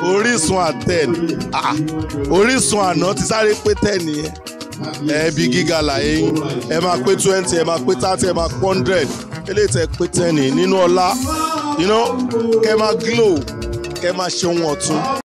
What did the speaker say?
Orísun àtẹn ah, Orísun àná ti sáré pé tẹ́ẹ̀nì yẹn ẹbí gíga làyè yín ẹ máa pé twenty ẹ máa pé thirty ẹ máa pé hundred eléyìí tẹ pé tẹ́ẹ̀nì nínú ọlá kẹ máa glow kẹ máa ṣe ohun ọ̀tun.